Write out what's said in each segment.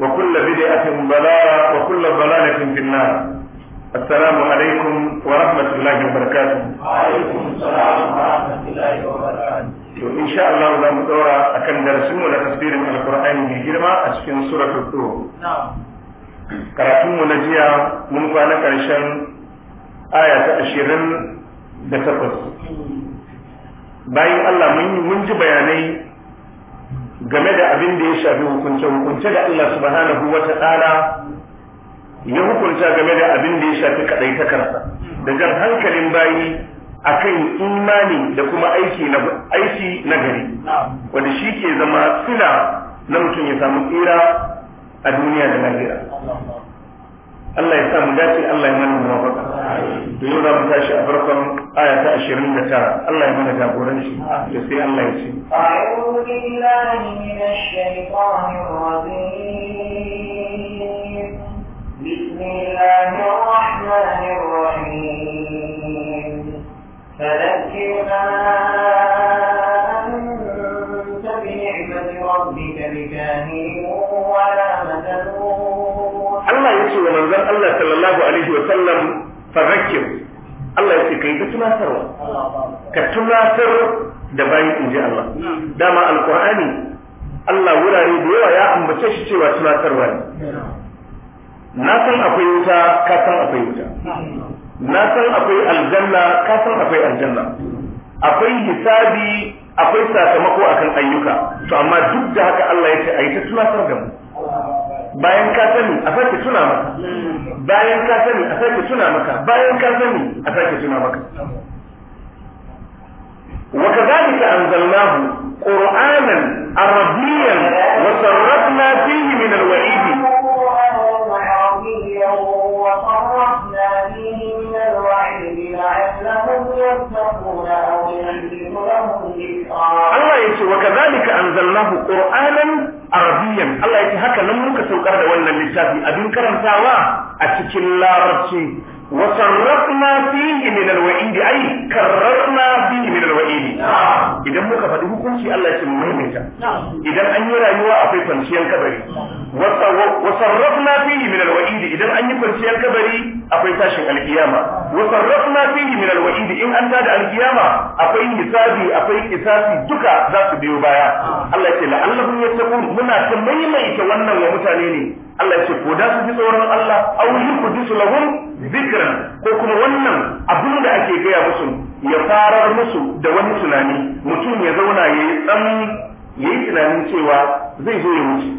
وكل بدعة ضلالة وكل ضلالة في النار السلام عليكم ورحمة الله وبركاته وعليكم السلام ورحمة الله وبركاته وإن شاء الله لا مدورة أكن درسمه لتفسير من القرآن من جرمة أسفين سورة الطور نعم كراتم نجيا من قال كرشان آية أشيرين da takwas الله من mun ji game da abin da ya shafi hukunce hukunce da Allah subhanahu wa ta'ala ya hukunta game da abin da ya shafi takarsa da jan hankalin bayi akan imani da kuma aiki na aiki na gari wanda shi ke zama sila na mutum ya samu tsira a duniya da lahira Allah ya samu dace Allah ya mana mafaka to yau za mu tashi a farkon aya ta ashirin da tara Allah ya mana jagoranci da sai Allah ya ce Allah ya ce wa manzon Allah sallallahu alaihi wa sallam fazakir Allah ya ce kai ta tunatarwa ka tunatar da bayan inji Allah dama alqur'ani Allah wurare da yawa ya ambace shi cewa tunatarwa ne na san akwai wuta ka san akwai wuta na san akwai aljanna ka san akwai aljanna akwai hisabi akwai sakamako akan ayyuka to amma duk da haka Allah ya ce yi ta tunatar da mu Hmm. bayan ka sani a sake tuna maka bayan ka sani a sake tuna maka bayan ka sani a sake tuna maka وكذلك أنزلناه قرآنا عربيا وصرفنا فيه من الوعيد وصرفنا فيه من الوعيد لعلهم يتقون أو يهدي لهم ذكرا الله يقول وكذلك أنزلناه قرآنا arabiyan Allah ya yake haka nan muka saukar da wannan littafi abin karantawa a cikin larabci وصرفنا فيه من الوعيد أي كررنا فيه من الوعيد Idan muka faɗi hukunci Allah ya ta. idan an yi rayuwa akwai kwanciyar kabari وصرفنا فيه من الوعيد idan an yi kwanciyar kabari akwai tashin alkiyama وصرفنا فيه من الوعيد in an tada alkiyama akwai hisabi akwai kisasi duka za su biyo baya Allah ya ce la'allahum yattaqun muna ta maimaita wannan wa mutane ne Allah ya ce ko da su ji tsoron Allah aw yuhdisu lahum zikran ko kuma wannan abin da ake gaya musu ya farar musu da wani tunani mutum ya zauna ya yi tsan ya yi tunanin cewa zai zo ya wuce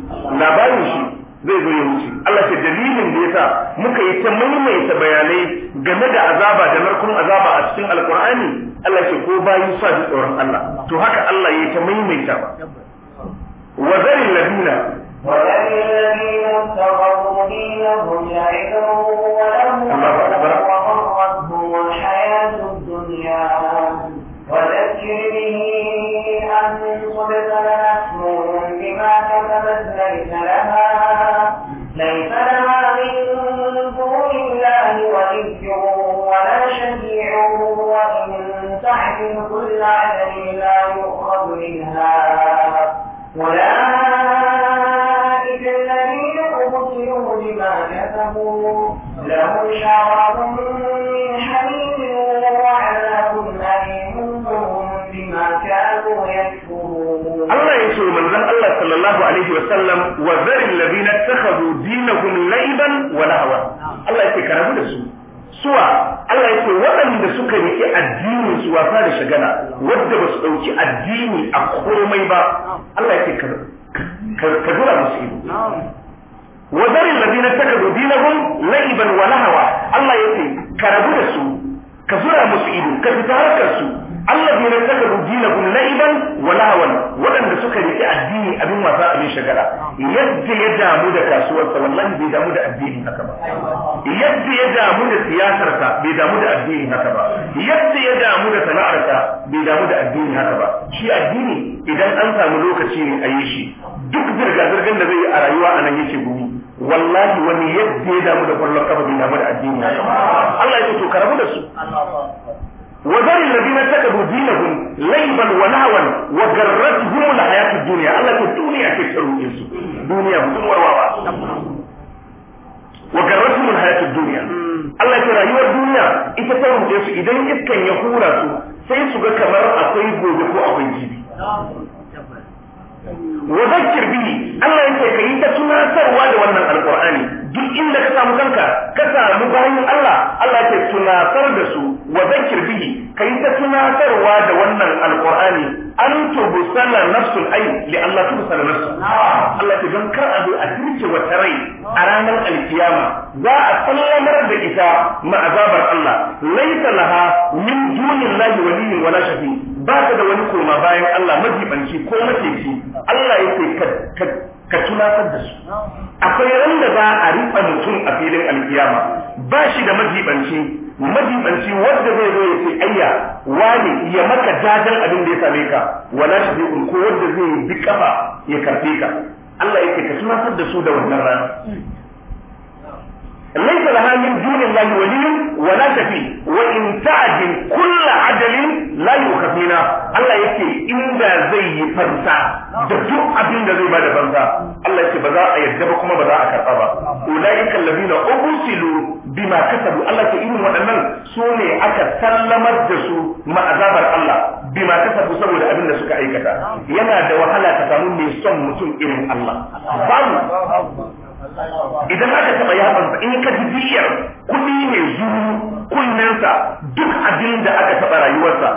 labarin shi zai zo ya wuce Allah ce dalilin da yasa muka yi ta maimaita bayanai game da azaba da narkun azaba a cikin alkur'ani Allah ce ko bayi sa ji tsoron Allah to haka Allah ya ta maimaita wa zaril ladina وللذين اتقوا دينهم لعبا ولهم وغرتهم الحياة الدنيا وذكر به أن تبتل نفس بما كسبت ليس لها ليس لها من دون الله ولي ولا شفيع وإن تحمل كل عدل لا يؤخذ منها ولا Allah ya ce manzon Allah sallallahu alaihi wa sallam wa zari ladina takhadu dinahum laiban wa da su suwa Allah yake wadanda suka rike addinin wanda basu dauki addini a komai ba Allah yake karabu kadura wa zaril ladina takadu la'iban wa lahawa Allah yace ka rabu da su ka zura musu ido ka fita harkar su Allah takadu dinahum la'iban wa lahawan wadanda suka rike addini abin wasa abin shagala yadda ya damu da kasuwarsa wallahi bai damu da addini haka ba yadda ya damu da siyasarsa bai damu da addini haka ba yadda ya damu da sana'arsa bai damu da haka ba shi addini idan an samu lokaci ne a yi shi duk zirga-zirgar da zai yi a rayuwa a nan yake gumi wallahi wani yadda ya damu da kwallon kafa bai damu da addini Allah ya ce to da su وذر الذين اتخذوا دينهم لعبا ولهوا وغرتهم الحياة الدنيا الله يقول دنيا تكسر الإنس دنيا بدون وروا وغرتهم الحياة الدنيا Allah ya rayu duniya ita ta rubuce su idan iskan ya hura su sai su ga kamar akwai gobe ko akwai jibi wa zakkir bihi Allah yake kai ta tunatarwa da wannan alqur'ani duk inda ka samu kanka ka samu bayin Allah Allah yake tunatar da su wa zakkir bihi kai ta tunatarwa da wannan alqur'ani an tubsala nafsul ay li Allah tubsala nafsu Allah yake don kar a zo a dirce wata rai a ranar alkiyama za a sallamar da ita ma azabar Allah laysa laha min dunillahi waliyyin wala shafi. ba ka da wani koma bayan Allah majibanci ko mateci Allah ya ce ka tunatar da su akwai wanda za a riƙa mutum a filin alkiyama ba shi da majibanci majibanci wanda zai zo ya ce ayya wani ya maka jajan abin da ya same ka wala shi zai ko wanda zai bi kafa ya karfe ka Allah ya ce ka tunatar da su da wannan rana ليس لها من دون الله ولي ولا شفيع وإن تعدل كل عدل لا يخفينا الله يكي إن زي فرسا دكتور أبين زي ما فرسا الله يكي بذاء يجبكم بذاء كرقبا أولئك الذين أرسلوا بما كسبوا الله يكي إن وأمن سوني أكا سلمت جسو ما أذاب الله bima ta sabu saboda abin da suka aikata yana da wahala ka samu mai son mutum irin Allah babu idan aka taɓa yatsansa in ka ji bishiyar kuɗi ne zuru kunnensa duk abin da aka taɓa rayuwarsa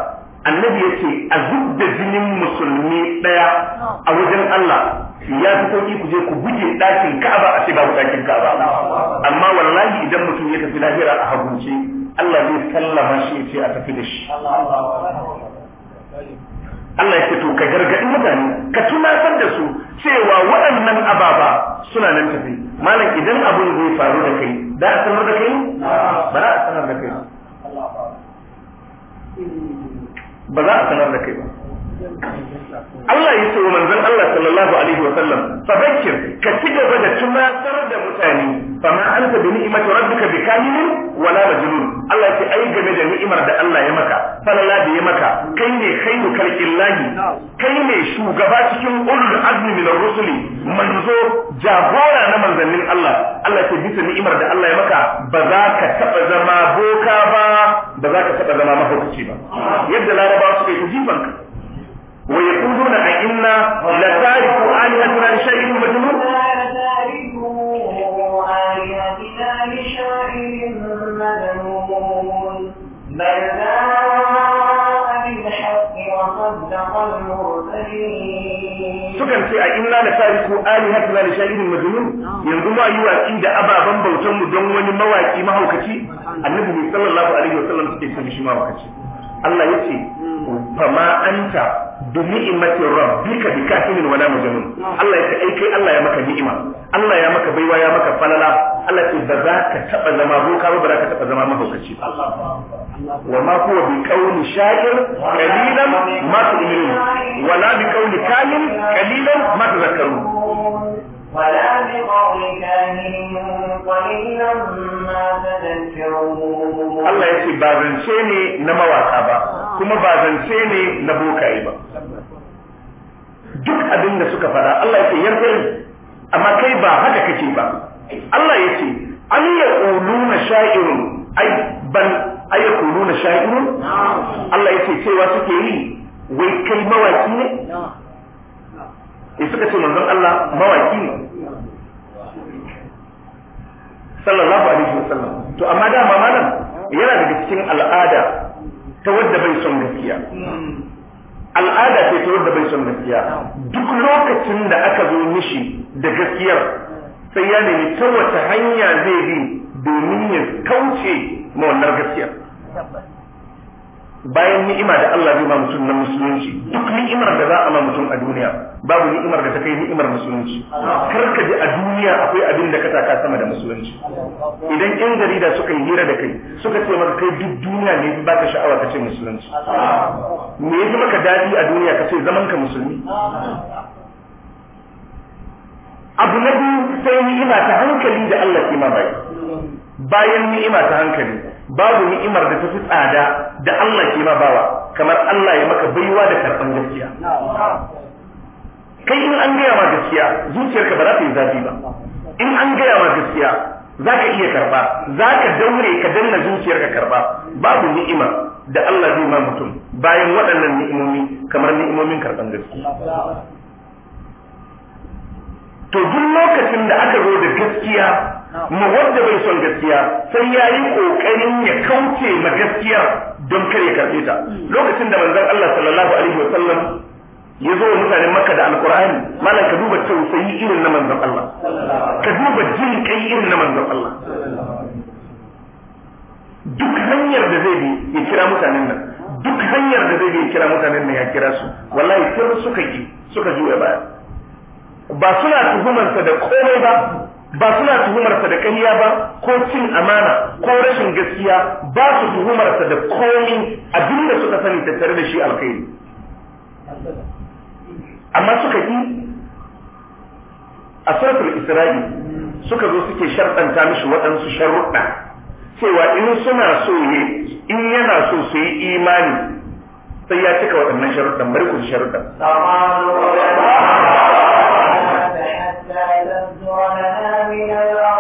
annabi ya ce a zub da jinin musulmi ɗaya a wajen Allah ya fi sauƙi ku je ku buge ɗakin ka'aba a ce babu ɗakin ka'aba amma wallahi idan mutum ya tafi lahira a hagunce Allah zai sallama shi ya ce a tafi da shi Allah ya fito ka gargaɗi mutane ka tunatar da su cewa waɗannan ababa suna nan tafi malam idan abin zai faru da kai da a sanar da kai ba za a sanar da kai ba za a sanar da kai ba Allah ya ce manzon Allah sallallahu alaihi wa sallam bakir ka ci gaba da tunatar da mutane fama anta bi ni'mati rabbika bikamin wala majnun Allah ya ce ai game da ni'imar da Allah ya maka falala da ya maka kai ne khairu kalqillahi kai ne shugaba cikin ulul azmi min rusuli manzo jagora na manzannin Allah Allah ya ce bisa ni'imar da Allah ya maka ba za ka taba zama boka ba ba za ka taba zama mahaukaci ba yadda larabawa suka yi jifanka wa yaquluna a inna la tariku kana tariku alihatuna li shay'in majnun yanzu ma yi watsi da ababan bautan mu don wani mawaki mahaukaci annabi sallallahu alaihi wasallam suke san shi mahaukaci Allah yace fama anta bi ni'mati rabbika bi kafirin wala majnun Allah yace ai kai Allah ya maka ni'ima Allah ya maka baiwa ya maka falala Allah ce ba za ka taba zama boka ba ba za ka taba zama mahaukaci Allah وما هو بقول شاكر قليلا ما تؤمنون ولا بقول كامل قليلا ما تذكرون ولا بقول كاهن قليلا ما تذكرون الله يسي ne na mawaka ba kuma bazance ne na bokaye ba duk abin da suka faɗa Allah yake yarfari amma kai ba haka kake ba Allah ce an yaquluna sha'irun ai bal ayyakunu na sha'irun Allah ya ce cewa suke yi wai kai mawaki ne Ya suka ce manzon Allah mawaki ne sallallahu alaihi wasallam to amma da ma malam yana daga cikin al'ada ta wadda bai son gaskiya al'ada ce ta wadda bai son gaskiya duk lokacin da aka zo mishi da gaskiyar sai ya nemi ta wata hanya zai bi domin ya kauce ma wannan gaskiyar bayan ni'ima da Allah zai ba mutum na musulunci duk ni'imar da za a ma mutum a duniya babu ni'imar da ta kai ni'imar musulunci kar ka ji a duniya akwai abin da ka taka sama da musulunci idan yan jarida suka yi hira da kai suka ce maka kai duk duniya ne ba ka sha'awa ka ce musulunci me yafi maka daɗi a duniya ka ce zaman ka musulmi abu na biyu sai ni'ima ta hankali da Allah ke ma bayan ni'ima ta hankali babu ni'imar da ta fi tsada da Allah ke ma bawa kamar Allah ya maka baiwa da karban gaskiya kai in an gaya ma gaskiya zuciyarka ba za ta yi zafi ba in an gaya ma gaskiya za ka iya karɓa za ka daure ka danna zuciyarka karɓa babu ni'ima da Allah zai ma mutum bayan waɗannan ni'imomi kamar ni'imomin karɓan gaskiya to duk lokacin da aka zo da gaskiya ma wanda bai son gaskiya sai ya yi kokarin ya kauce ma gaskiya don kar ya karɓe ta lokacin da manzon Allah sallallahu alaihi wa sallam ya zo wa mutanen Makka da Alkur'ani malam ka duba yi irin na manzon Allah ka duba jin kai irin na manzon Allah duk hanyar da zai bi ya kira mutanen nan duk hanyar da zai bi ya kira mutanen nan ya kira su wallahi sai suka yi suka juya baya ba suna tuhumarsa da komai ba ba suna tuhumarsa da ƙarya ba ko cin amana ko rashin gaskiya ba su tuhumarsa da komi da suka sani tattare da shi alkhairi amma suka yi a suratul isra'i suka zo suke sharɗanta mishi waɗansu sharuɗa cewa in suna so ne in yana so su yi imani sai ya cika waɗannan sharuɗan bari ku sharuɗan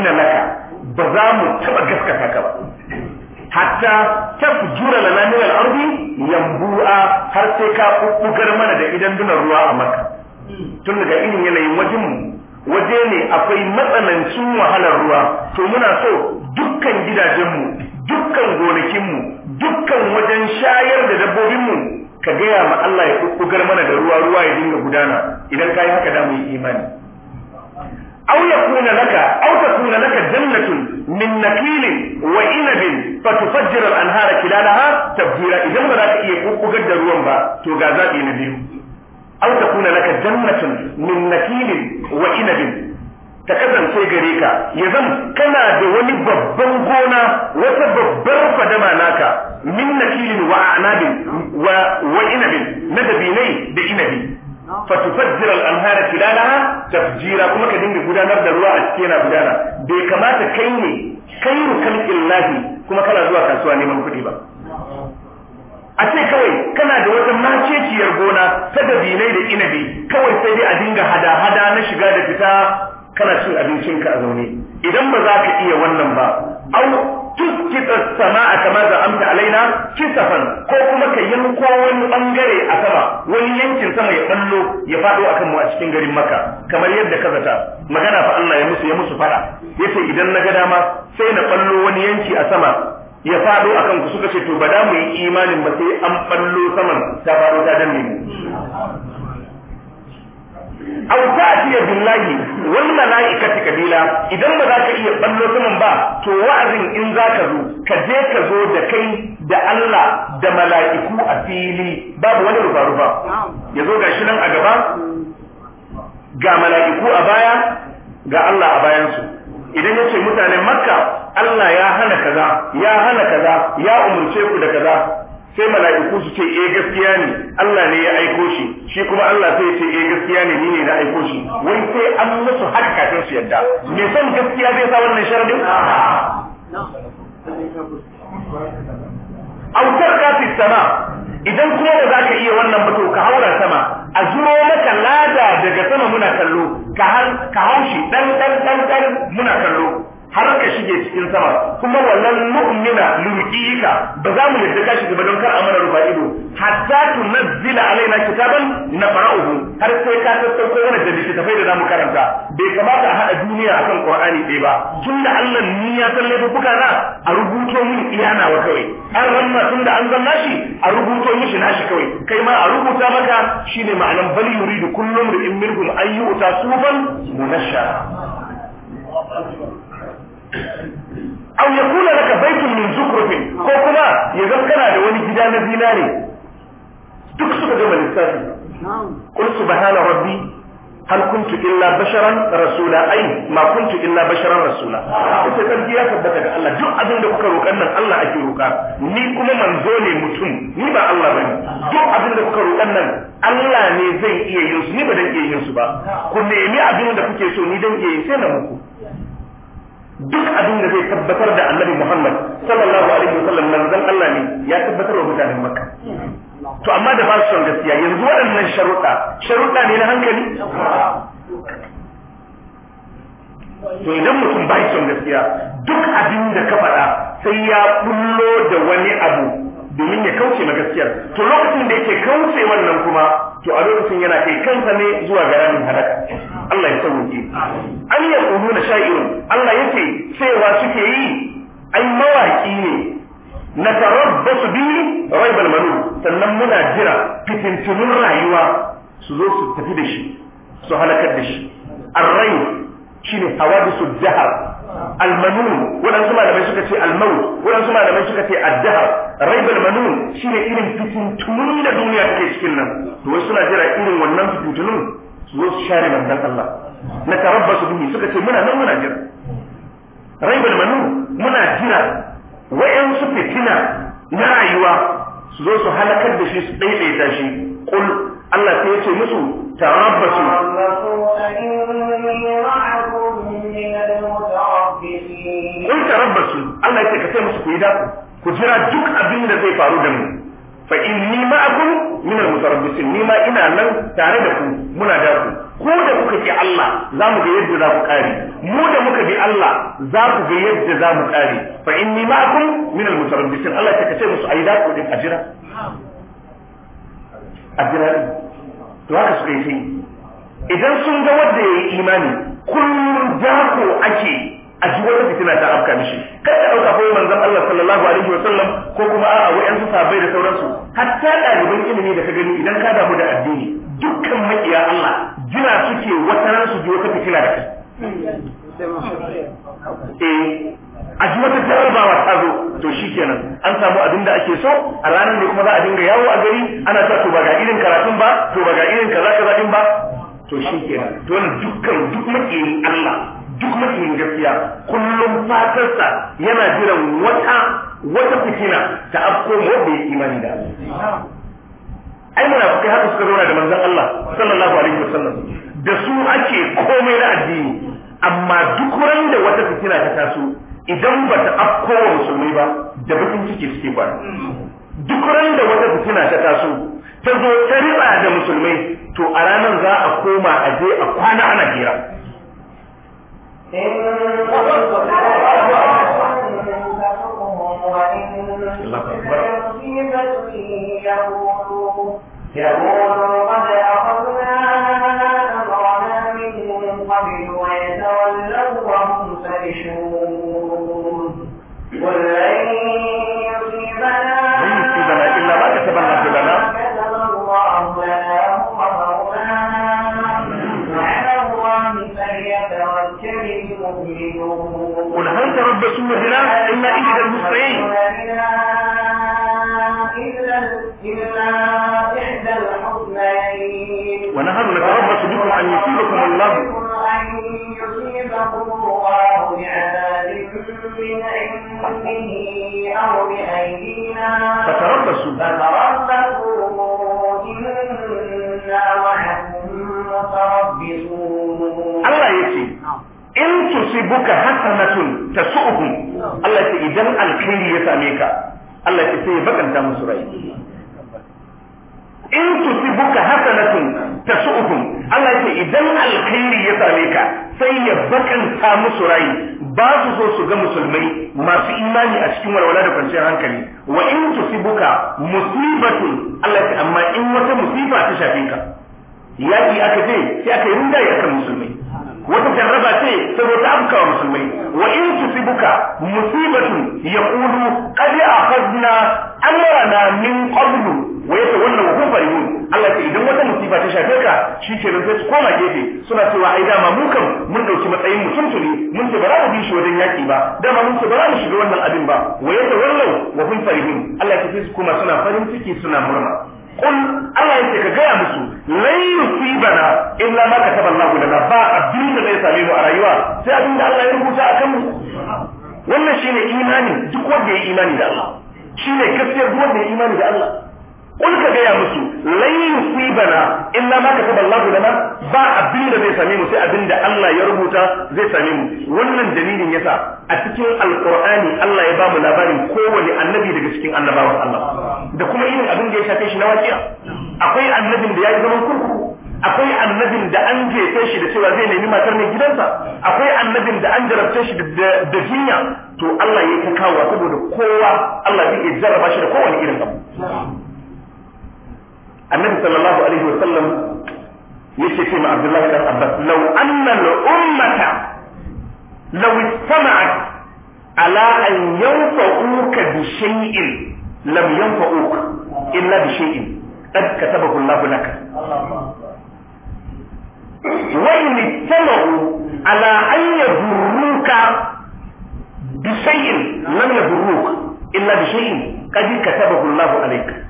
nu'mina laka ba za mu taɓa gaskata ka ba hatta tafjura lana min al-ardi yambu'a har sai ka bugar mana da idan duna ruwa a maka tun daga irin yanayin wajen waje ne akwai matsanancin wahalar ruwa to muna so dukkan gidajenmu dukkan gonakinmu dukkan wajen shayar da dabbobinmu ka gaya ma Allah ya bugar mana da ruwa ruwa ya dinga gudana idan ka yi haka da mu yi imani أو يكون لك أو تكون لك جنة من نخيل وإنب فتفجر الأنهار ruwan ba إذا ما ذاك يكون قدر وانبا تغازا بنبيو أو تكون لك جنة من نخيل وإنب ta kasance gare ka ya zan kana da wani babban gona wata babbar fadama naka min nakilin da inabi fatufajjira al'anhara filalaha tafjira kuma ka dinga gudanar da ruwa a cikin yana gudana bai kamata kai ne kai rukan illahi kuma kana zuwa kasuwa neman kuɗi ba a ce kawai kana da wata maceciyar gona ta dabinai da inabi kawai sai dai a dinga hada-hada na shiga da fita kana cin abincinka a zaune idan ba za ka iya wannan ba au kiskita sama'a kamar da amta alaina kisafan ko kuma ka yanko wani bangare a sama wani yankin sama ya ballo ya fado akan mu a cikin garin maka. kamar yadda ka zata magana fa Allah ya musu ya musu fada yace idan na ga dama sai na ballo wani yanki a sama ya fado akan ku suka ce to ba da mu yi imanin ba sai an ballo saman ta fado ta danne mu aw ta'ti billahi wal malaikati kabila idan ba za ka iya ballo saman ba to wa'azin in za ka zo ka je ka zo da kai da Allah da mala'iku a fili babu wani rufa rufa ya zo gashi nan a gaba ga mala'iku a baya ga Allah a bayansu idan yace mutanen makka Allah ya hana kaza ya hana kaza ya umurce ku da kaza sai mala'iku su ce eh gaskiya ne Allah ne ya aiko shi shi kuma Allah sai ya ce eh gaskiya ne ni ne na aiko shi wai sai an musu hakka sai su yadda me son gaskiya zai sa wannan sharadin autar ka fi sama idan kuma ba za ka iya wannan ba to ka haura sama a zuro maka lada daga sama muna kallo ka haushi dan dan dan dan muna kallo har ka shige cikin sama kuma wannan mu'mina lurqika ba za mu yadda ka shiga don kar a mana rufa ido hatta tunazzila alaina kitaban na fara'uhu har sai ka sassauko mana da littattafai da zamu karanta bai kamata a hada duniya akan qur'ani ɗaya ba tunda Allah ni ya san laifuka na a rubuto min iyana wa kawai an ranna tunda an zanna shi a rubuto mishi nashi kawai kai ma a rubuta maka shine ma'anan bal yuridu da in minhum an yu'ta sufan munashshara aw yakuna laka baitun min zukrufin ko kuma ya zaskana da wani gida na zinare duk suka gama lissafi qul subhana rabbi hal kuntu illa basharan rasula ai ma kuntu illa basharan rasula sai sarki ya tabbata ga Allah duk abin da kuka roƙan nan Allah ake roƙa ni kuma manzo ne mutum ni ba Allah bane duk abin da kuka roƙan nan Allah ne zai iya yin su ni ba dan iya yin su ba ku nemi abin da kuke so ni dan iya yin sai na muku duk abin da zai tabbatar da annabi Muhammad sallallahu alaihi wasallam manzon Allah ne ya tabbatar wa mutanen Makka to amma da ba son gaskiya yanzu waɗannan sharuɗa sharuɗa ne na hankali to idan mutum ba son gaskiya duk abin da ka faɗa sai ya bullo da wani abu domin ya kauce ma gaskiyar to lokacin da yake kauce wannan kuma to a lokacin yana kai kansa ne zuwa ga ramin halaka Allah ya sauke an yi kudu na sha'irun Allah ya ce cewa suke yi ai mawaki ne na su bi raibal manu sannan muna jira fitintunun rayuwa su zo su tafi da shi su halakar da shi arrai shine hawadisu jahar almanun waɗansu malamai suka ce almau, waɗansu malamai suka ce addahar raibal manun shine irin fitintunun da duniya take cikin nan to wasu suna jira irin wannan fitintunun su zo su share manzon Allah na su bihi suka ce muna nan muna jira raibul manu muna jira wayan su fitina na rayuwa su zo su halakar da shi su daidaita shi kul Allah sai ya ce musu tarabbasu in tarabbasu Allah ya ce ka sai musu ku yi dako ku jira duk abin da zai faru da mu fa inni ma'akum min al-mutarabbisin ni ma ina nan tare da ku muna da ku ko da kuka bi Allah za mu ga yadda za ku kare mu da muka bi Allah za ku ga yadda za mu kare fa inni ma'akum min al-mutarabbisin Allah ta kace musu ayi da ku din ajira ajira to haka suka yi idan sun ga wanda yayi imani kullum jako ake a ji wata fitina ta afka mishi kar ka dauka fa manzon Allah sallallahu alaihi wasallam ko kuma a'a wayansu sahabbai da sauransu hatta ɗaliban ilimi da ka gani idan ka damu da addini dukkan maƙiya Allah jira suke wata ran su ji wata fitila da kai eh, a ji wata jarabawa ta zo to kenan, an samu abin da ake so a ranar ne kuma za a dinga yawo a gari ana ta to ba ga irin karatun ba to ba ga irin kaza kaza din ba to kenan. to wannan dukkan duk maƙiyin Allah duk maƙiyin gaskiya kullum fatarsa yana jiran wata wata fitina ta afko mu bai imani da Allah ai munafikai haka suka zauna da manzon Allah sallallahu alaihi wasallam da su ake komai na addini amma duk ran da wata fitina ta taso idan ba ta afko wa musulmi ba da bakin ciki suke ba duk ran da wata fitina ta taso ta zo ta riba da musulmai to a ranar za a koma a je a kwana ana hira الله أكبر يقول من عنده أو فتربصوا الله Allah ce idan alkhairi ya same ka Allah ce sai ya musu rai in tusibuka hasanatun tasu'uhum Allah ce idan alkhairi ya same ka sai ya bakanta musu rai ba su so su ga musulmai masu imani a cikin walwala da kwanciyar hankali wa in tusibuka musibatu Allah ta amma in wata musiba ta shafe ka yaki aka ce sai aka yi rinjaye akan musulmai wata jarraba ce saboda zo afka wa musulmai wa in tusibuka musibatu yaqulu qad akhadna amrana min qablu wa ta wannan wa kufar Allah ce idan wata musiba ta shafe ka shi ke nan sai su koma gefe suna cewa ai dama mu kan mun dauki matsayin mu tuntuni mun ce ba za mu bi shi wajen yaki ba dama mun ce ba za mu shiga wannan abin ba wa ta wallau wa hum Allah ya sai su koma suna farin ciki suna murna kun Allah ya ce ka gaya musu lai yusibana illa ma kataba Allah lana ba abin da zai same mu a rayuwa sai abin da Allah ya rubuta akan mu wannan shine imani duk wanda ya imani da Allah shine gaskiyar duk wanda ya imani da Allah kun ka gaya musu lai in illa ma kataba Allah da ba abin da zai same mu sai abinda Allah ya rubuta zai same mu wannan dalilin yasa a cikin alqur'ani Allah ya ba mu labarin kowane annabi daga cikin annabawan Allah da kuma irin abin da ya shafe shi na wakiya akwai annabin da ya zaman kurkuku akwai annabin da an jefe shi da cewa zai nemi matar ne gidansa akwai annabin da an jarabce shi da jinya to Allah ya ta kawo saboda kowa Allah zai iya jarraba shi da kowane irin abu النبي صلى الله عليه وسلم يشتكي مع عبد الله بن عباس لو ان الامه لو اجتمعت على ان ينفعوك بشيء لم ينفعوك الا بشيء قد كتبه الله لك وان اجتمعوا على ان يضروك بشيء لم يضروك الا بشيء قد كتبه الله عليك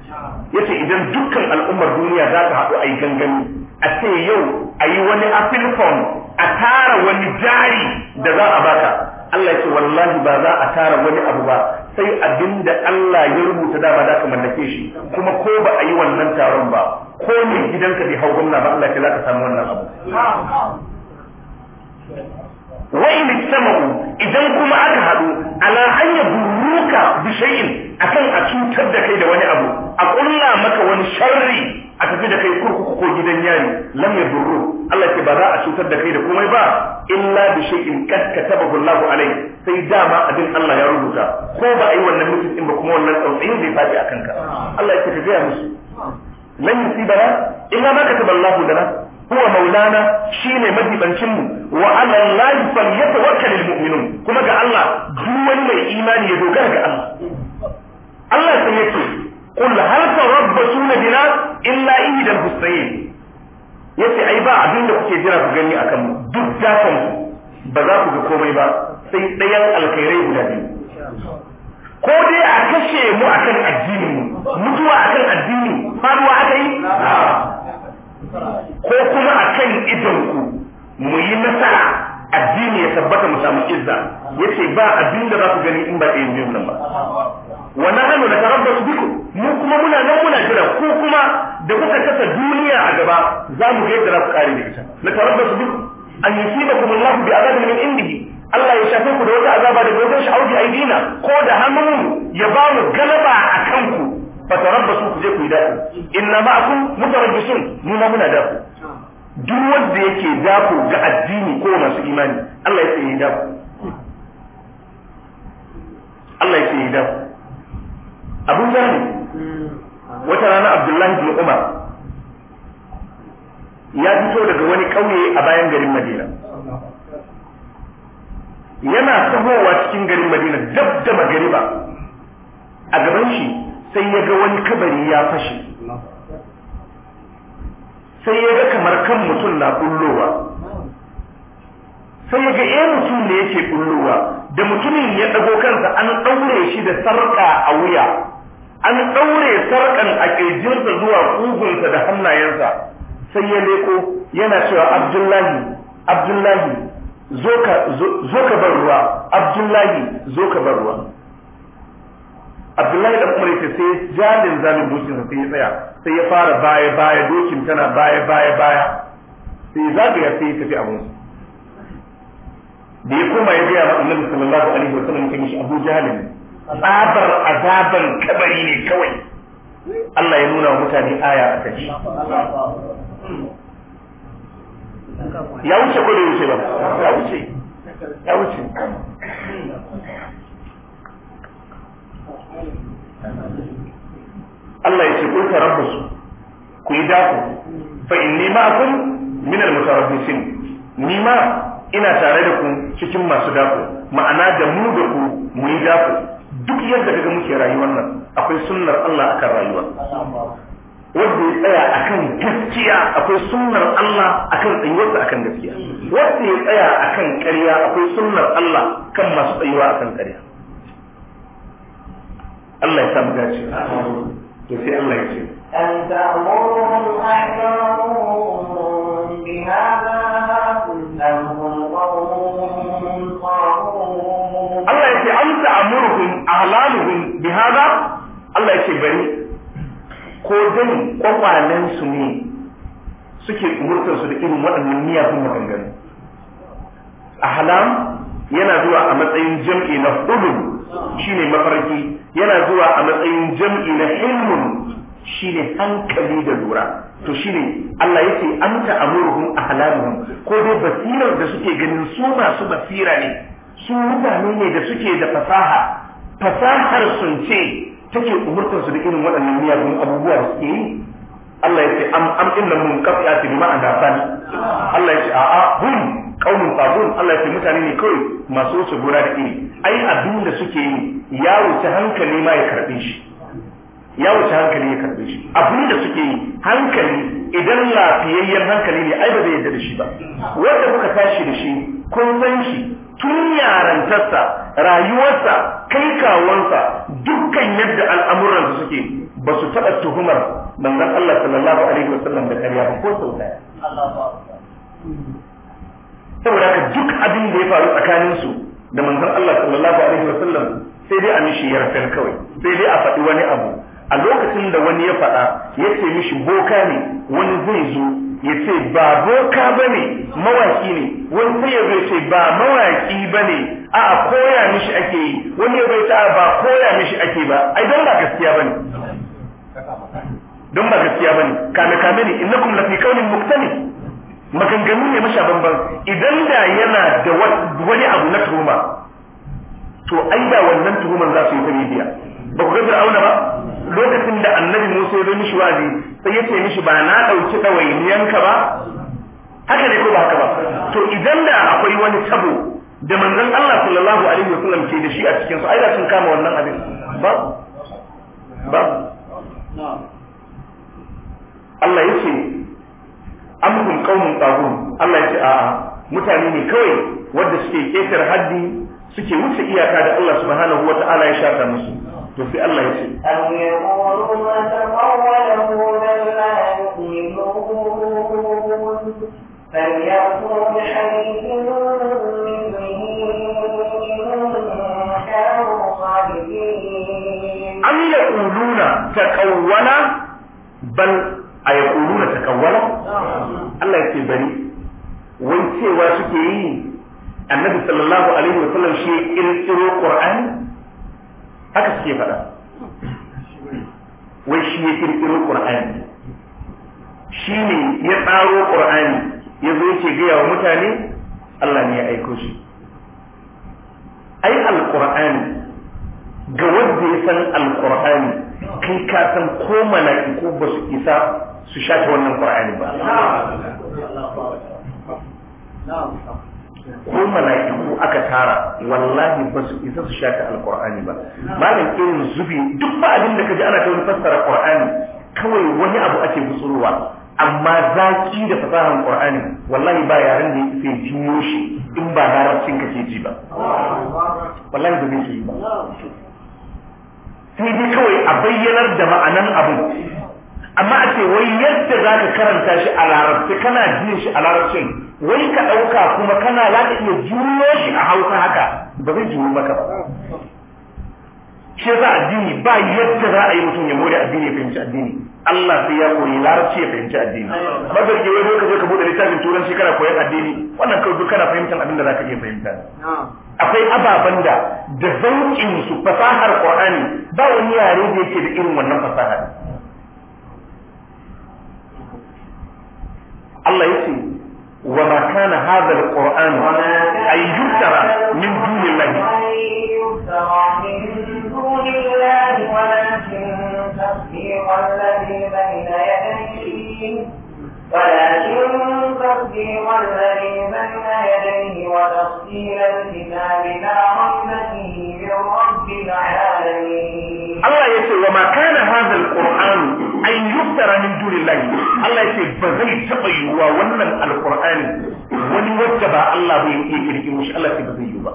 yace idan dukkan al'ummar duniya za ta haɗu a yi gangami a ce yau a yi wani afilfon a tara wani jari da za a baka Allah ce wallahi ba za a tara wani abu ba sai abin da Allah ya rubuta da ba za ka mallake shi kuma ko ba a yi wannan taron ba ko mai gidanka bai hau gwamna ba Allah ce za ka samu wannan abu wa'in ittamahu idan kuma aka haɗu ala an yaburuka bi akan a cutar da kai da wani abu a ƙulla maka wani sharri a tafi da kai kurkuku ko gidan yari lam yadurru Allah ke ba za a cutar da kai da komai ba illa bi shay'in kad katabahu Allahu alai sai dama abin Allah ya rubuta ko ba yi wannan mutum din ba kuma wannan tsautsayin zai faɗi akan ka Allah ya ce ka gaya musu lan yusibana illa ma kataballahu lana huwa maulana shine majibancin mu wa ala allahi falyatawakkalul mu'minun kuma ga Allah duk wani mai imani ya dogara ga Allah Allah sai yake qul hal tarabbasuna bina illa ihdal husayn yace ai ba abin da kuke jira ku gani akan mu duk dafan ba za ku ga komai ba sai ɗayan alkhairai guda biyu ko dai a kashe mu akan addini mutuwa akan addini faruwa aka yi ko kuma a kan idonku mu yi nasara addini ya tabbata mu samu izza yace ba abin da za ku gani in ba ɗayan biyun nan ba wa tarabba su biku mu kuma muna nan muna jira ko kuma da kuka kasa duniya a gaba za mu ga yadda za ku kare da ita su biku an yi kuma Allah bi azabin min indihi Allah ya shafe ku da wata azaba da wajen audi aidina ko da hannun ya ba mu galaba a kanku fatarabbasu ku je ku yi dako inna ma'akum mutarabbisun mu ma muna daku duk wanda yake daku ga addini ko masu imani Allah ya ce yi daku Allah ya ce yi daku. abun zarri wata rana Abdullahi bin Umar ya fito daga wani kauye a bayan garin Madina yana tahowa cikin garin Madina dab da magariba a gaban shi sai ya ga wani kabari ya fashe sai ya ga kamar kan mutum na bullowa sai ya ga eh mutum ne yake bullowa da mutumin ya dago kansa an ɗaure shi da sarƙa a wuya an ɗaure sarkan a kirjinsa zuwa kugunsa da hannayensa sai ya leko yana cewa abdullahi abdullahi zo ka bar ruwa abdullahi zo ka bar ruwa Abdullahi da Umar yake sai jalin zalin dokin sai ya tsaya sai ya fara baya baya dokin tana baya baya baya sai zagaya sai ya tafi abun da ya koma ya gaya wa Annabi sallallahu alaihi wasallam kan shi Abu Jahlin azabar azaban kabari ne kawai Allah ya nuna wa mutane aya a kaji ya wuce ko da wuce ba ya wuce ya wuce Allah ya ce kun su ku yi dafu fa inni kun min al-mutarabbisin ni ma ina tare da ku cikin masu dafu ma'ana da mu da ku mu yi dafu duk yadda kaga muke rayuwar nan akwai sunnar Allah akan rayuwa wanda ya tsaya akan gaskiya akwai sunnar Allah akan tsayuwarsa akan gaskiya wanda ya tsaya akan ƙarya akwai sunnar Allah kan masu tsayuwa akan ƙarya Allah ya sa mu dace to sai Allah ya ce an ta'muruhum ahyaruhum bihadha Allah ya ce an a ta'muruhum ahlaluhum bihadha Allah ya ce bari ko dan kwakwalen su ne suke umurtar su da irin waɗannan miyagun A ahlam yana zuwa a matsayin jam'i na ulum ne mafarki yana zuwa a matsayin jam'i na shi shine hankali da lura to shine Allah yake anta a ahlaluhum ko dai basirar da suke ganin su masu basira ne su mutane ne da suke da fasaha fasahar sun ce take umurtar su da irin waɗannan miyagun abubuwa da suke yi Allah yake am am inna mun qafiya fi ma'ana Sani. Allah yake a'a hum qaumun fadun Allah yake mutane ne kawai masu wuce gona da iri ai abin da suke yi ya wuce hankali ma ya karbe shi ya wuce hankali ya karbe shi abin da suke yi hankali idan lafiyayyen hankali ne ai ba zai yarda da shi ba wanda kuka tashi da shi kun san shi tun yarantarsa rayuwarsa kai kawansa dukkan yadda al'amuransa suke ba su taɓa tuhumar manzon Allah sallallahu alaihi wasallam da ƙarya ba ko sau ɗaya saboda haka duk abin da ya faru tsakaninsu da manzon Allah sallallahu alaihi sallam sai dai a mishi yarfar kawai sai dai a faɗi wani abu a lokacin da wani ya faɗa ya ce mishi boka ne wani zai zo ya ce ba boka ba mawaki ne wani sai ya zo ba mawaki ba ne a koya mishi ake yi wani ya bai ta ba koya mishi ake ba ai don ba gaskiya ba ne don ba gaskiya ba ne kame kame ne innakum lafi kaunin muktani maganganu ne masha banban idan da yana da wani abu na tuhuma to ai da wannan tuhuman za su yi ta bibiya ba ku gaza auna ba lokacin da annabi Musa ya zo mishi wazi sai ya ce mishi ba na dauki ɗawainiyanka ba haka ne ko ba haka ba to idan da akwai wani tabo da manzon Allah sallallahu alaihi wasallam ke da shi a cikin su ai da sun kama wannan abin ba ba Allah yake amhum qaumun taghun Allah ya ce a'a mutane ne kawai wanda suke ketar haddi suke wuce iyaka da Allah subhanahu wa ta'ala ya shata musu to sai Allah ya ce An yaƙuluna ta ƙawwala bal a yaƙuluna ta ƙawwala Allah yake bari wai cewa suke yi annabi sallallahu alaihi wa sallam shi kirkiro qur'ani haka suke faɗa wai shi ya kirkiro qur'ani shi ne ya tsaro qur'ani ya zo yake gaya wa mutane Allah ne ya aiko shi ai alqur'ani ga wanda ya san alqur'ani kai ka san ko mala'iku ba su isa su shafe wannan qur'ani ba ko mala'iku aka tara wallahi ba su isa su shafe alqur'ani ba malam irin zubi duk ba abin da kaji ana ta wani fassara qur'ani kawai wani abu ake gutsurowa amma zaki da fasahar qur'ani wallahi ba yaren da yake sai jiyo shi in ba larabcin ke ji ba wallahi ba zai yi ba sai dai kawai a bayyanar da ma'anan abin amma a ce wai yadda za ka karanta shi a larabci kana jin shi a larabcin wai ka ɗauka kuma kana za ka iya juriyo shi a hausa haka ba zai juri maka ba shi za addini ba yadda za a yi mutum ya mori addini ya fahimci addini Allah sai ya koyi larabci ya fahimci addini mazarge wai ka je ka bude littafin turanci kana koyar addini wannan kawai duk kana fahimtar abin da za ka iya fahimta akwai ababen da da zaukin su fasahar Qur'ani ba wani yare da yake da irin wannan fasahar Allah ya ce wa ma kana hadha alquran ay yuftara min dunillahi ولكن تصديق الذي بين يديه وتفصيل الكتاب لا من رب العالمين الله kaddara min dunillahi Allah yake ba zai taba yiwuwa wannan alqur'ani wani wanda ba Allah bai iya kirkiro shi Allah ce ba zai yiwu ba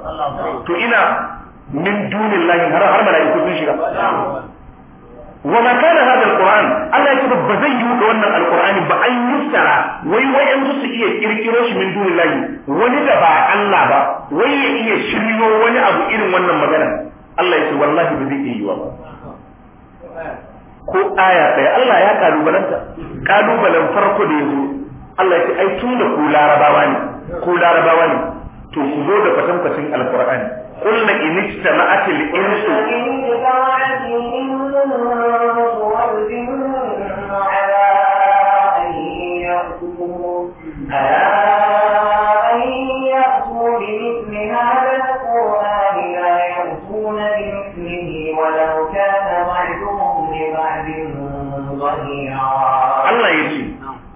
to ina min dunillahi har har sun shiga wa ma kana Allah ba zai yiwu da wannan Alƙur'ani ba an yusara wai wai an su iya kirkiro shi min dunillahi wani da ba Allah ba wai ya iya shiryo wani abu irin wannan magana Allah yake wallahi ba zai iya yiwa ba ko aya ɗaya Allah ya kalubalanta kalubalen farko da ya zo Allah ya ce ai tun da ku larabawa ne ku larabawa ne to ku zo da kwatankwacin alkur'ani kullu in ijtama'at al-insu ala Allah ya ce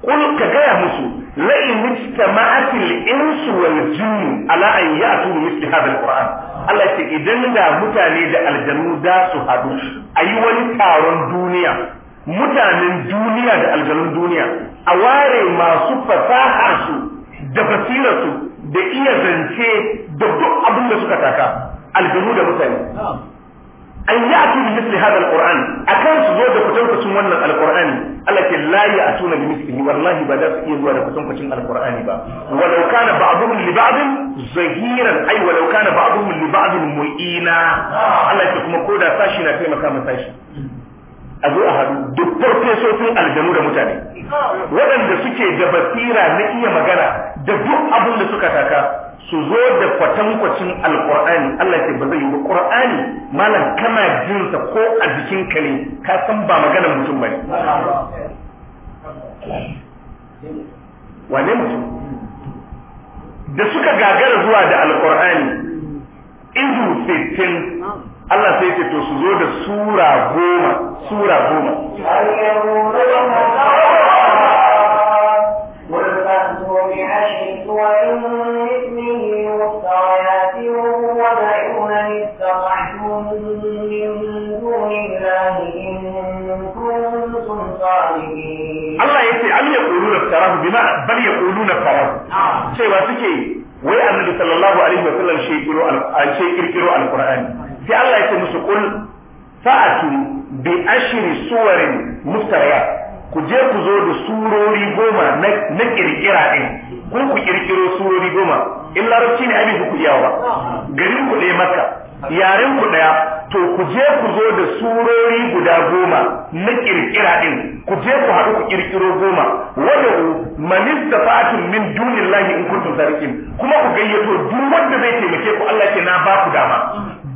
kun ka gaya musu la'in mujtama'atil insu wal jinn ala an ya'tu mithla hadha al-Qur'an Allah ya ce idan da mutane da aljanu za su haɗu yi wani taron duniya mutanen duniya da aljanun duniya a ware masu fasaha su da basirar su da iya zance da duk abin da suka taka aljanu da mutane an yi ya'tu bi misli hadha A kan su zo da kutankucin wannan Alƙur'ani. Allah ke la ya'tuna bi mislihi wallahi ba za su iya zuwa da kutankucin Alƙur'ani ba walau kana ba'dhum li ba'dhin zahiran ay walau kana ba'dhum li ba'dhin mu'ina Allah ke kuma ko da sashi na taimaka ma sashi a zo a haɗu duk farfesofin aljanu da mutane waɗanda suke da basira na iya magana da duk abin da suka taka su zo da kwatankwacin alkur'ani Allah ce ba zai yi qur'ani malam kama jinsa ko a jikin ka ne ka san ba magana mutum bane wane mutum da suka gagara zuwa da alkur'ani izu 15 Allah sai ce to su zo da sura goma sura goma من دون الله إن كنتم صادقين الله يسي bi يقولون افتراه ya ƙoru na fara cewa suke wai an annabi sallallahu alaihi wa sallam shi kiro al sai Allah ya ce musu kul fa'atu bi ashri suwarin muftariyat ku je ku zo da surori goma na kirkira ɗin kun ku kirkiro surori goma in larabci ne abin ku ba garin ku ɗaya maka yaren ku daya to ku je ku zo da surori guda goma na kirkira din ku je ku haɗu ku kirkiro goma wanda fatin min dunillahi in kuntum sarikin kuma ku gayyato duk wanda zai taimake ku Allah ke na ba ku dama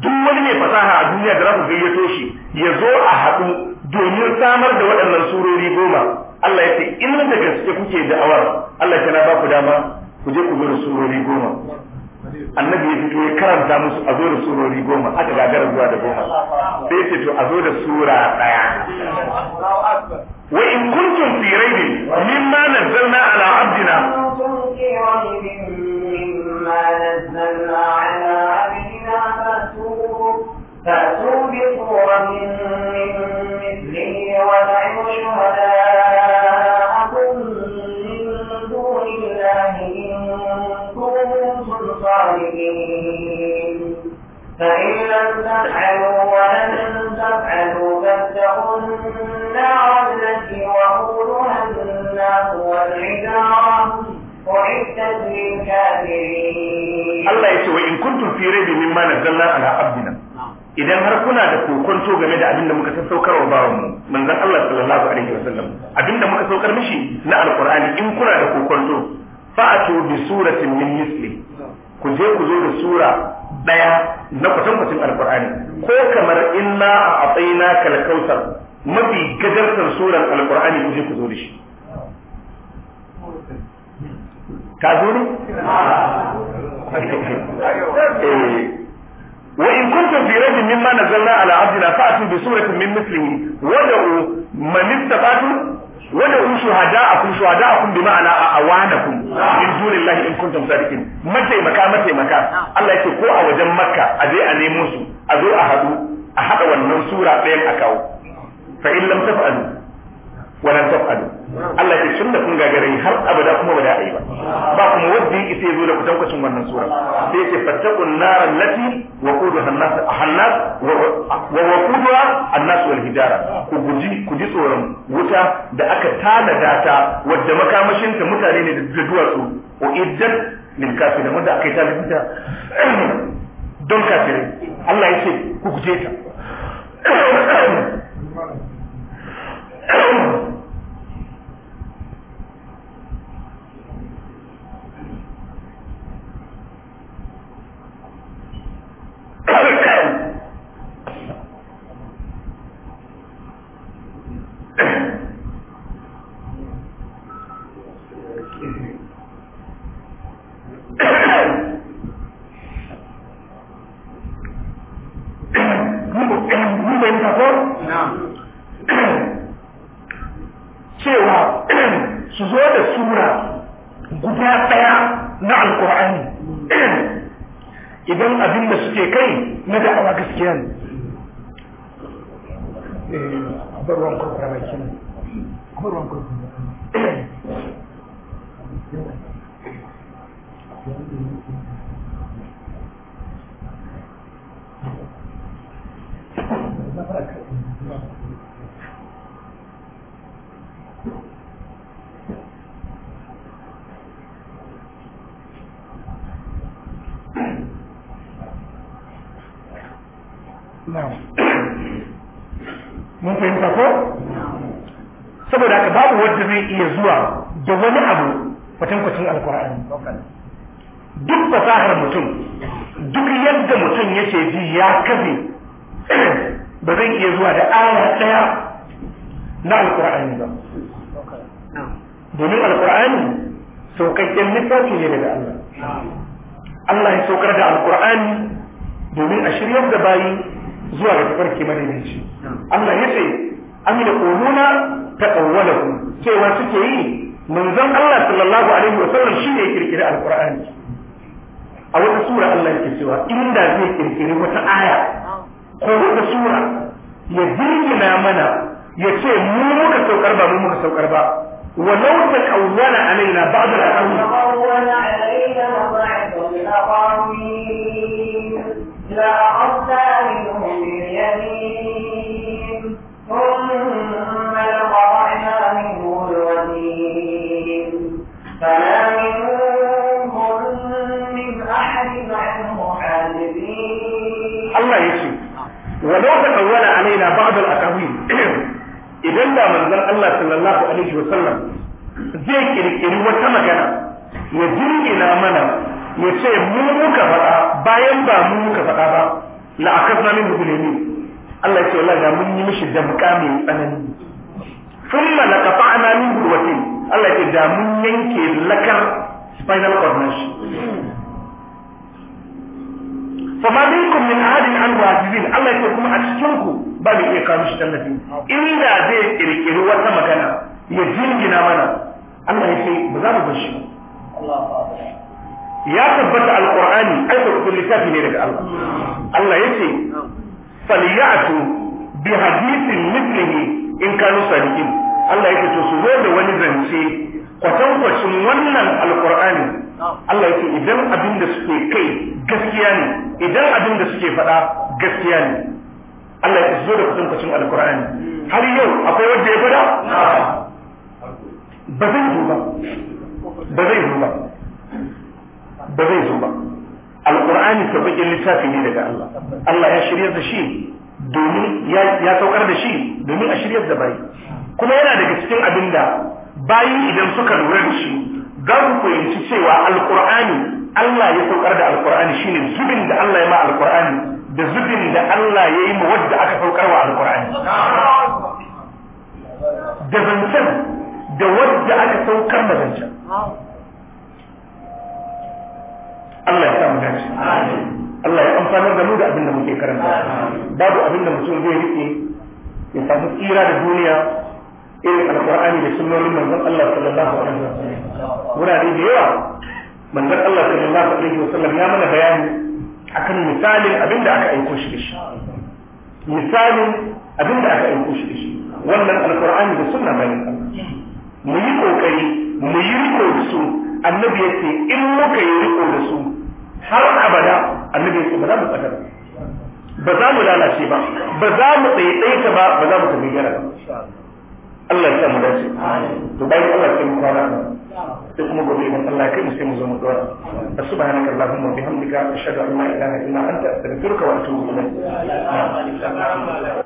duk wani mai fasaha a duniya da za ku gayyato shi ya zo a haɗu domin samar da waɗannan surori goma Allah ya ce in da gaske kuke da'awar Allah ke na ba ku dama ku je ku zo da surori goma annabi ya fito ya karanta musu a zo da surori goma aka gagara zuwa da goma sai ce to a zo da sura daya wa in kuntum fi raibin mimma nazzalna ala abdina فأتوا بصورة من مثله ودعوا شهداء فإن لم تفعلوا ولن تفعلوا فاتقوا النار التي وقودها الناس والحجارة أعدت للكافرين الله يسوى in كنتم في ريب مما نزلنا على عبدنا idan har kuna da kokonto game da abin da muka sassaukar wa bawanmu manzon Allah sallallahu alaihi wasallam abin da muka saukar mishi na alqur'ani in kuna da kokonto fa'atu bi suratin min misli ku je ku zo da sura daya na kwatankwacin alkur'ani ko kamar inna a kal kautar mafi gajartar suran alkur'ani ku je ku zo da shi ka zo ne eh, wa in kuntu fi rajin mimma nazzalna ala abdina fa'tu bi suratin min mithlihi wad'u man istata'tum wanda kun shuhada a kun shuhada a kun bi ma'ana a awana kun in dunillahi in kuntum sadiqin mataimaka mataimaka Allah yake ko a wajen makka a je a nemo su a zo a haɗu a haɗa wannan sura ɗayan a kawo fa in lam taf'alu walan tafadu Allah ke sunna kun gagare har abada kuma ba da ayi ba ba kuma wanda yake sai zo da ku tankacin wannan sura sai yake fattaqun nar Lati an-nas wa waquduha an-nas wal hijara ku guji ku ji tsoron wuta da aka tanada ta wadda makamashin ta mutane ne da duwatsu o iddat lil kafirin wanda aka ta don kafirai Allah yake ku guje ta abin ruwan kurkura mai shi abin ruwan kurkura Now. mun fahimta ko saboda haka babu wanda zai iya zuwa da wani abu kwatankwacin alkur'ani duk fasahar mutum duk yadda mutum yake ji ya kafe ba zai iya zuwa da aya daya na alkur'ani ba domin alkur'ani saukakken nufafi ne daga Allah Allah ya saukar da alkur'ani domin a shiryar da bayi zuwa da tafarki madaidaici Allah ya ce an da ƙoruna ta ƙawwala cewa suke yi manzon Allah sallallahu alaihi wa sallam shi ne kirkiri alƙur'ani a wata sura Allah yake cewa inda zai kirkiri wata aya ko wata sura ya na mana ya ce mu muka saukar ba mu muka saukar ba wa law ta بعض alaina ba'd al-amr الأقاويل لأخذنا منهم باليمين فما منهم من أحد عنه حاجبين الله ولو تقول علينا بعض الأقاويل idan da manzon Allah sallallahu alaihi wasallam zai ƙirƙiri wata magana ya jirgina mana ya ce muka faɗa bayan ba mu muka faɗa ba a akasna min bulimi Allah ya ce wallahi da mun yi mishi damka mai tsanani thumma laqata'na min Allah ya ce da mun yanke lakar spinal cord na shi. fa ma kun min ahadin an wajibin Allah ya ce kuma a cikin ku ba mai iya kawo shi tallafi inda zai kirkiri wata magana ya jingina mana Allah ya ce ba za mu bar shi ya tabbata alqur'ani aiko littafi ne daga Allah Allah ya ce falyatu bi hadithin mithlihi in kanu sadiqin Allah yake to su zo da wani zance kwatankwacin wannan alkur'ani Allah yake idan abin da suke kai gaskiya ne idan abin da suke faɗa gaskiya ne Allah yake su zo da kwatankwacin alkur'ani har yau akwai wanda ya gwada ba zai zo ba ba zai zo ba ba zai zo ba alkur'ani tabbakin littafi ne daga Allah Allah ya shirya da shi domin ya saukar da shi domin a shirya da bai kuma yana daga cikin abin da bayi idan suka lura da shi za ku fahimci cewa alkur'ani Allah ya saukar da alkur'ani shine zubin da Allah ya ma alkur'ani da zubin da Allah ya yi ma wadda aka saukar wa alkur'ani da zancen da wadda aka saukar da zancen Allah ya samu dace Allah ya amfanar da mu da abin da muke karanta babu abin da mutum zai rike ya samu tsira da duniya irin alqur'ani da sunnonin manzon Allah sallallahu alaihi wasallam wurare da yawa manzon Allah sallallahu alaihi wasallam ya mana bayani akan misalin abin da aka aiko shi da shi misalin abinda aka aiko shi da shi wannan alqur'ani da sunna bayan mu yi kokari mu yi riko su annabi ya ce in muka yi riko da su har abada annabi ya ce ba za mu tsaka ba za mu lalace ba ba za mu tsaye ba ba za mu tafi gara ba Allah ya samu dace to Allah sai mu fara sai kuma gobe Allah kai mu sai mu zo mu dora subhanaka allahumma bihamdika ashhadu an la ilaha illa anta astaghfiruka wa atubu ilayk